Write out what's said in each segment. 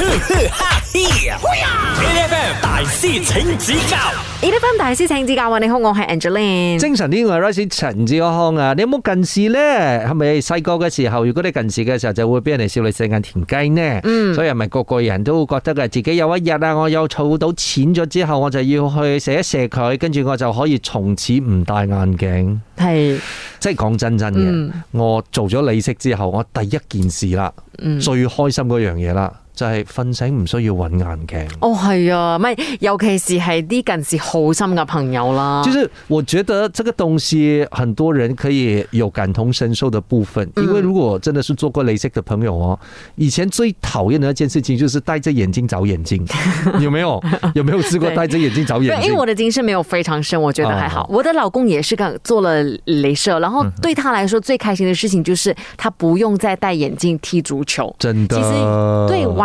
呵呵，哈氣呀！E. M. 大師請指教，E. M. 大師請指教。話你好，我係 Angelina。精神天外，rising 陳志康啊，你有冇近視呢？係咪細個嘅時候？如果你近視嘅時候，就會俾人哋笑你四眼田雞呢？嗯，所以係咪個個人都會覺得嘅自己有一日啊，我有儲到錢咗之後，我就要去射一射佢，跟住我就可以從此唔戴眼鏡。係即係講真真嘅，我做咗利息之後，我第一件事啦，最開心嗰樣嘢啦。就係瞓醒唔需要揾眼鏡哦，係啊，唔係，尤其是係啲近視好深嘅朋友啦。就是我覺得這個東西，很多人可以有感同身受的部分，因為如果真的是做過鐳射的嘅朋友哦，以前最討厭嘅一件事情就是戴着眼鏡找眼鏡，有沒有？有沒有試過戴着眼鏡找眼鏡？ 因為我的近視沒有非常深，我覺得還好。我的老公也是個做了鐳射，然後對他來說最開心嘅事情，就是他不用再戴眼鏡踢足球。真的，其實對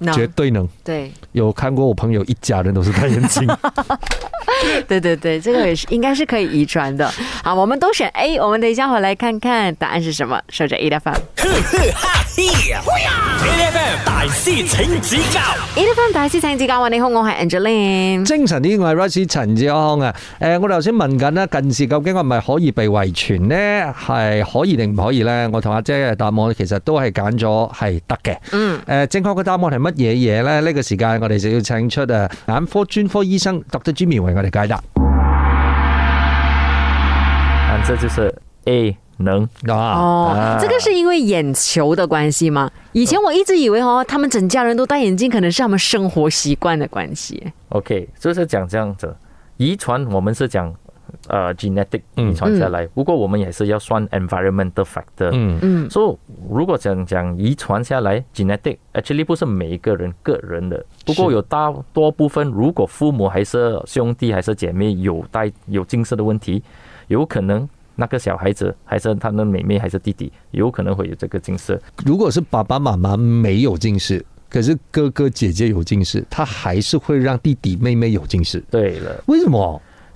No, 絕對能，對，有看過我朋友一家人都是戴眼鏡， 對對對，這個也是應該是可以遺傳的。好，我們都選 A，我們等一下回來看看答案是什麼。守着 A 的範，呵 e 哈嘿，A F M、ah. 大師請指教，A F M 大師請指教，你好，我係 Angeline，精神呢位 Rusty 陳志康啊，誒、呃，我哋頭先問緊啦，近視究竟我係咪可以被遺傳呢？係可以定唔可以咧？我同阿姐嘅答案其實都係揀咗係得嘅，嗯，誒，正確嘅答案係乜？乜嘢嘢咧？爺爺呢、這個時間我哋就要請出啊眼科專科醫生 Dr. Jimmy 為我哋解答。啊，這就是 A 能、哦、啊？哦，這個是因為眼球的關係嗎？以前我一直以為哦，他們整家人都戴眼鏡，可能是他們生活習慣的關係。OK，就是講這樣子，遺傳我們是講。呃、uh, genetic 遺傳下來，嗯、不過我們也是要算 environmental factor。嗯嗯，所、嗯、以、so, 如果想講遺傳下來，genetic actually 不是每一個人個人的，不過有大多部分，是如果父母還是兄弟還是姐妹有帶有近視的問題，有可能那個小孩子還是他們妹妹還是弟弟，有可能會有這個近視。如果是爸爸媽媽沒有近視，可是哥哥姐姐有近視，他還是會讓弟弟妹妹有近視。對了，為什麼？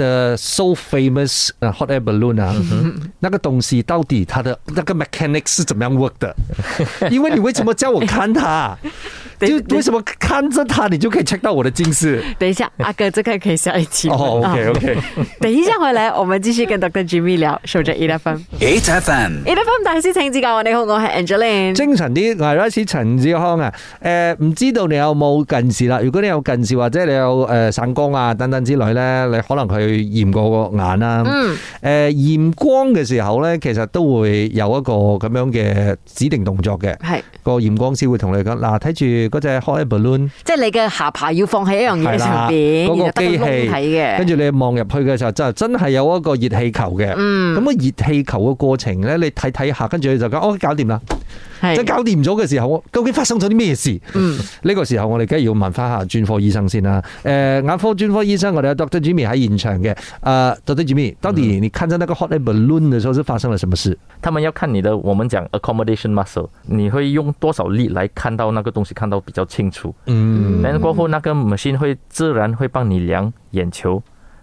The so famous hot air balloon 啊，嗯、哼那個東西到底它的那個 mechanics 是怎麼樣 work 的？ 因為你為什麼叫我看它？ 就為什麼看着它，你就可以 check 到我的近視？ 等一下，阿哥，這個可以下一集。 哦，OK，OK。Okay, okay 等一下回來，我們繼續跟 Dr. Jimmy 聊。守着 E 八分，Eight FM E 八分，大師請指教。你好，我係 Angelina。精神啲，我係老師陳志康啊。誒、呃，唔知道你有冇近視啦？如果你有近視或者你有誒散、呃、光啊等等之類咧，你可能佢。去驗過個眼啦，誒、嗯，驗、呃、光嘅時候咧，其實都會有一個咁樣嘅指定動作嘅。係是個驗光師會同你講，嗱，睇住嗰隻開 balloon，即係你嘅下巴要放喺一樣嘢上邊，嗰、那個機器嘅。跟住你望入去嘅時候，就真係有一個熱氣球嘅。嗯，咁個熱氣球嘅過程咧，你睇睇下，跟住你就講，我、哦、搞掂啦。即係搞掂咗嘅時候，究竟發生咗啲咩事？呢、嗯、個時候我哋梗係要問翻下專科醫生先啦、啊。誒、呃，眼科專科醫生，我哋有 Dr. Jimmy 喺現場嘅。誒、呃、Dr. Jimmy，到底你看着那個 hot air balloon 的時候，是發生了什麼事、嗯？他們要看你的，我們講 accommodation muscle，你會用多少力來看到那個東西，看到比較清楚。嗯，然後過後，那個 machine 會自然會幫你量眼球。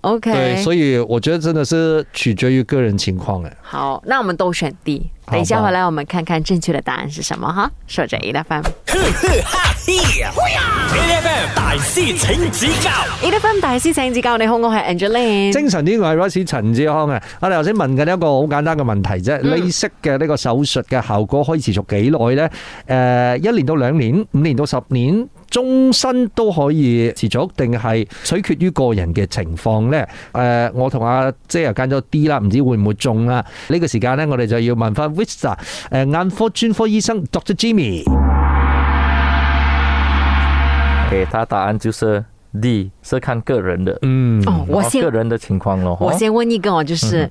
O Okay , K，所以我覺得真的是取決於個人情況誒。好，那我們都選 D。等一下回來，我們看看正確的答案是什麼哈吧、啊。說謝 E 樂芬 E 樂芬，芬大師請指教。E 樂芬大師請指教，你好我係 Angelina。精神啲我係 Rose 陳志康啊。我哋頭先問緊一個好簡單嘅問題啫，你識嘅呢個手術嘅效果可以持續幾耐咧？誒、呃，一年到兩年，五年到十年。終身都可以持續，定係取決於個人嘅情況咧。誒、呃，我同阿姐又揀咗 D 啦，唔知會唔會中啊？呢、這個時間咧，我哋就要問翻 Vista，誒，眼科專科醫生 Dr. Jimmy。其他答案就是 D，是看個人的。嗯，哦、我個人的情況咯。我先問一個，我就是。嗯